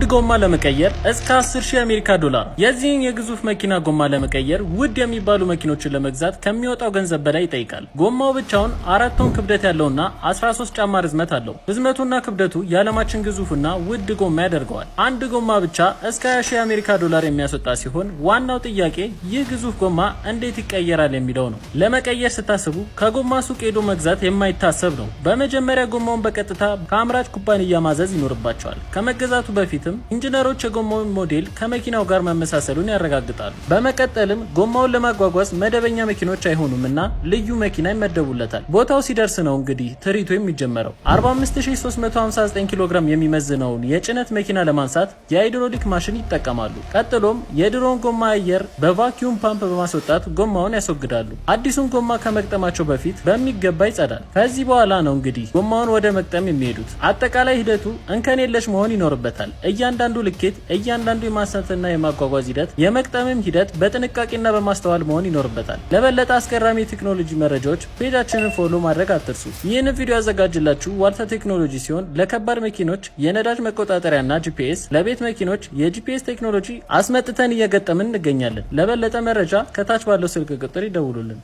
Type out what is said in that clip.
ውድ ጎማ ለመቀየር እስከ 10 ሺህ ዶላር። የዚህን የግዙፍ መኪና ጎማ ለመቀየር ውድ የሚባሉ መኪኖችን ለመግዛት ከሚወጣው ገንዘብ በላይ ይጠይቃል። ጎማው ብቻውን አራት ቶን ክብደት ያለውና 13 ጫማ ርዝመት አለው። ርዝመቱና ክብደቱ የዓለማችን ግዙፍና ውድ ጎማ ያደርገዋል። አንድ ጎማ ብቻ እስከ 20 ሺህ የአሜሪካ ዶላር የሚያስወጣ ሲሆን ዋናው ጥያቄ ይህ ግዙፍ ጎማ እንዴት ይቀየራል የሚለው ነው። ለመቀየር ስታስቡ ከጎማ ሱቅ ሄዶ መግዛት የማይታሰብ ነው። በመጀመሪያ ጎማውን በቀጥታ ከአምራች ኩባንያ ማዘዝ ይኖርባቸዋል። ከመገዛቱ በፊት በማለትም ኢንጂነሮች የጎማውን ሞዴል ከመኪናው ጋር መመሳሰሉን ያረጋግጣሉ። በመቀጠልም ጎማውን ለማጓጓዝ መደበኛ መኪኖች አይሆኑም እና ልዩ መኪና ይመደቡለታል። ቦታው ሲደርስ ነው እንግዲህ ትርኢቱ የሚጀመረው። 45359 ኪሎ ግራም የሚመዝነውን የጭነት መኪና ለማንሳት የሃይድሮሊክ ማሽን ይጠቀማሉ። ቀጥሎም የድሮን ጎማ አየር በቫኪዩም ፓምፕ በማስወጣት ጎማውን ያስወግዳሉ። አዲሱን ጎማ ከመቅጠማቸው በፊት በሚገባ ይጸዳል። ከዚህ በኋላ ነው እንግዲህ ጎማውን ወደ መቅጠም የሚሄዱት። አጠቃላይ ሂደቱ እንከን የለሽ መሆን ይኖርበታል። እያንዳንዱ ልኬት፣ እያንዳንዱ የማንሳትና የማጓጓዝ ሂደት፣ የመቅጠምም ሂደት በጥንቃቄና በማስተዋል መሆን ይኖርበታል። ለበለጠ አስገራሚ የቴክኖሎጂ መረጃዎች ፔጃችንን ፎሎ ማድረግ አትርሱ። ይህንን ቪዲዮ ያዘጋጅላችሁ ዋልታ ቴክኖሎጂ ሲሆን ለከባድ መኪኖች የነዳጅ መቆጣጠሪያና ጂፒኤስ፣ ለቤት መኪኖች የጂፒኤስ ቴክኖሎጂ አስመጥተን እየገጠምን እንገኛለን። ለበለጠ መረጃ ከታች ባለው ስልክ ቁጥር ይደውሉልን።